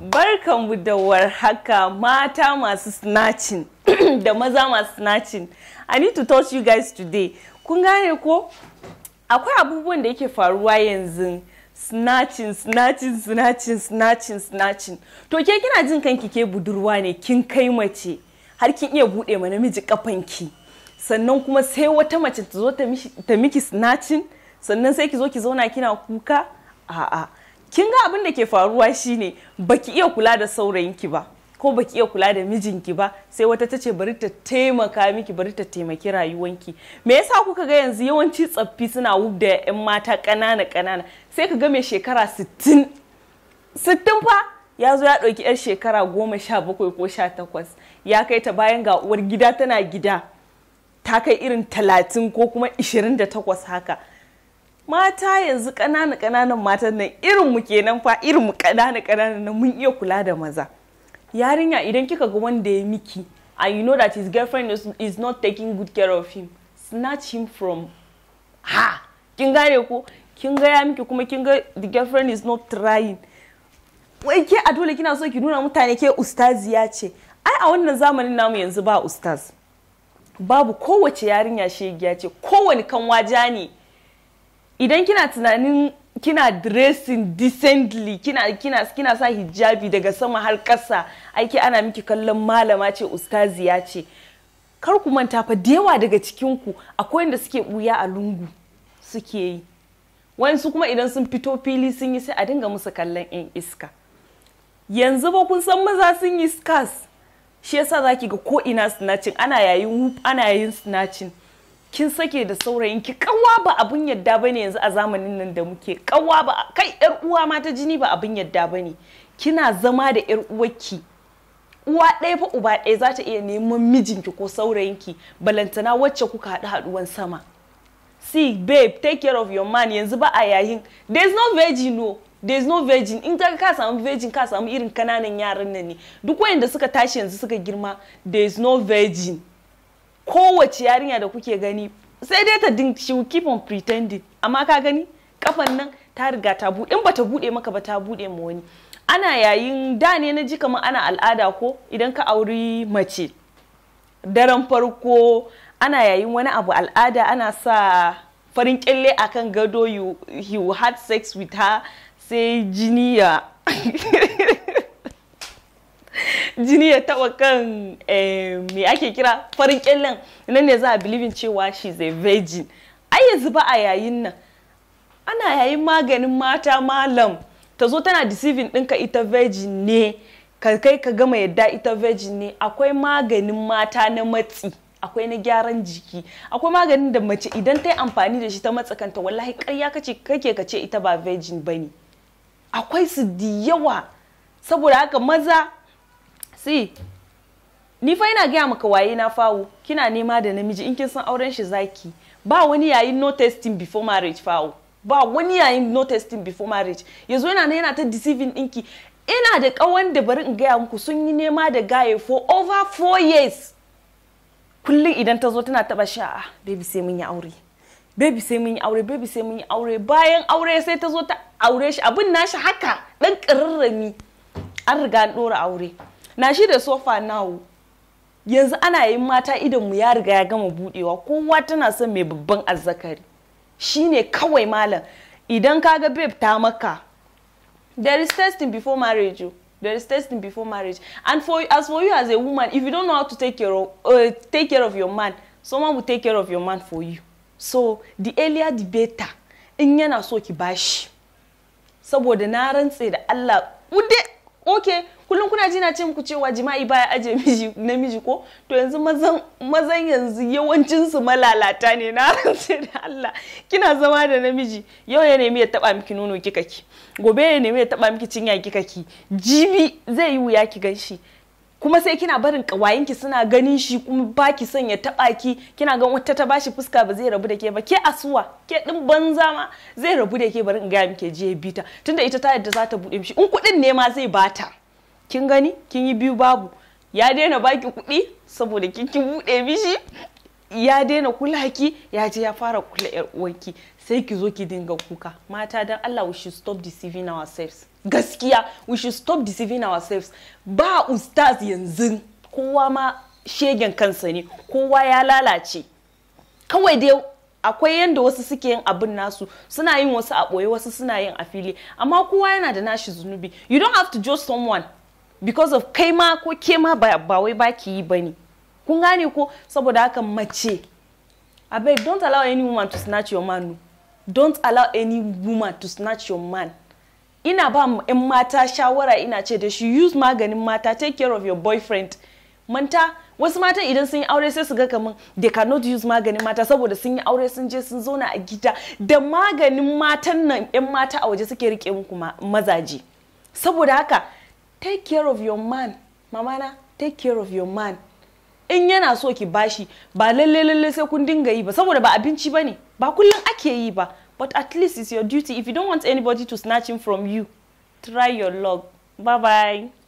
Barkanmu da haka, mata masu snatching da maza masu snatching. I need to touch you guys today. Kun gane ko? Akwai abubuwan da yake faruwa yanzu. snatching snatching snatching snatching snatching to ke kina jin kanki ke budurwa ne kin kai mace har kin iya bude ma namiji kafanki sannan kuma sai wata mace ta zo ta miki snatching sannan sai ki zo ki zauna kina kuka a'a kin ga abin da ke faruwa shine baki iya kula da saurayinki ba ko baki iya kula da mijinki ba sai wata ta ce bari ta taimaka miki bari ta taimaki rayuwanki me yasa kuka ga yanzu yawanci tsaffi suna wubda yan mata ƙanana kanana sai ka ga mai shekara 60 60 fa ya zo ya ɗauki 'yar shekara goma sha bakwai ko sha takwas ya kai ta bayan ga uwar gida tana gida ta kai irin talatin ko kuma ishirin da takwas haka mata yanzu ƙananan ƙananan matan nan irin mu kenan fa irin mu ƙananan ƙananan nan mun iya kula da maza yarinya idan kika ga wanda ya miki and you know that his girlfriend is, is not taking good care of him snatch him from ha kin gane ko kin ga ya miki kuma kin ga the girlfriend is not trying wai ke a dole kina so ki nuna mutane ke ya ce ai a wannan zamanin namu yanzu ba ustaz babu kowace yarinya shegiya ce kowane kan waja ne idan kina tunanin kina dressing decently kina kina kina sa hijabi daga sama har ƙasa aiki ana miki kallon malama ce ustaziya ce kar ku manta fa da yawa daga cikin ku akwai wanda suke buya a lungu suke yi wayansu kuma idan sun fito fili sun yi sai a dinga musu kallon yan iska yanzu ba kun san maza sun yi scars shi yasa zaki ga ko ina snatching ana yayin ana yayin snatching kin sake da saurayin ki kawa ba abun yadda ba ne yanzu a zamanin nan da muke kawa ba kai yar uwa ma ta jini ba abun yadda ba ne. kina zama da yar uwarki uwa ɗaya fa uba ɗaya za ta iya neman mijinki ko saurayinki balantana wacce kuka haɗu haɗuwan sama see babe take care of your man yanzu ba a yayin There is no virgin no There is no virgin in ka samu virgin ka samu irin kananan yaran nan ne duk wayanda suka tashi yanzu suka girma There is no virgin kowace yarinya da kuke gani sai dai ta din she will keep on pretending amma ka gani kafan nan ta riga ta bude in bata bude maka ba ta bude ma wani ana yayin da ne na ji kamar ana al'ada ko idan ka auri mace daren farko ana yayin wani abu al'ada ana sa farin kyalle akan gado you, you had sex with her sai jiniya jini ya taba kan eh, me ake kira farin kyallen nan ne za a bilibin cewa shi zai a virgin ai ya zuba a yayin nan ana yayin maganin mata malam ta zo tana deceiving ɗinka ita virgin ne kai ka gama yadda ita virgin ne akwai maganin mata na matsi akwai na gyaran jiki akwai maganin da mace idan ta yi amfani da shi ta matsa kanta wallahi karya kace kake kace ita ba virgin bane akwai su da yawa saboda haka maza si ni fa ina gaya maka waye na fawo kina nema da namiji in kin san auren shi zaki ba wani yayin no testing before marriage fawo ba wani yayin no testing before marriage yanzu yana na yana ta deceiving dinki ina da kawan da bari in gaya muku sun yi nema da gaye for over four years kullum idan ta zo tana taba sha baby sai mun yi aure baby sai mun yi aure baby sai mun yi aure bayan aure sai ta zo ta aure shi abin nashi haka dan ƙararrami an riga an ɗora aure na shi da sofa nawo yanzu ana yin mata idan mu ya riga ya gama budewa kowa tana son mai babban azzakari shine kawai malam idan kaga babe ta maka there is testing before marriage oh. there is testing before marriage and for as for you as a woman if you don't know how to take care of uh, take care of your man someone will take care of your man for you so the earlier the better in yana so ki bashi saboda na rantse da Allah ude okay kullum kuna ji na ce muku cewa jima'i baya aje miji namiji ko to yanzu mazan mazan yanzu yawancin su malalata ne na sai da Allah kina zama da namiji yau ya nemi ya taba miki nono kika ki gobe ya nemi ya taba miki cinya kika ki jibi zai yi wuya ki ganshi kuma sai kina barin ki suna ganin shi kuma baki son ya taba ki kina ga wata ta bashi fuska ba zai rabu da ke ba ke asuwa ke din banza ma zai rabu da ke bari in ga miki je bita tunda ita ta yadda za ta bude mishi in kudin ne ma zai bata kin gani kin yi biyu babu ya daina baki kuɗi saboda kin ki buɗe mishi ya daina kulaki ya je ya fara kula yar uwarki sai ki zo ki dinga kuka mata dan Allah we should stop deceiving ourselves gaskiya we should stop deceiving ourselves ba ustaz yanzu kowa ma shegen kansa ne kowa ya lalace kawai dai akwai yadda wasu suke yin abin nasu suna yin wasu a ɓoye wasu suna yin a fili amma kowa yana da nashi zunubi you don't have to judge someone because of kai ma ko ke ma ba wai ba ki yi bane kun gane ko saboda haka mace abeg don't allow any woman to snatch your man don't allow any woman to snatch your man ina ba yan mata shawara ina ce da shi use maganin mata take care of your boyfriend manta wasu mata idan sun yi aure sai su ga kaman they cannot use maganin mata saboda sun yi aure sun je sun zauna a gida da maganin matan nan yan mata a waje suke rike muku mazaje saboda haka take care of your man mamana take care of your man in yana so ki bashi ba lalle lalle sai kun dinga yi ba saboda ba abinci ba ne ba kullum ake yi ba but at least it's your duty if you don't want anybody to snatch him from you try your luck bye bye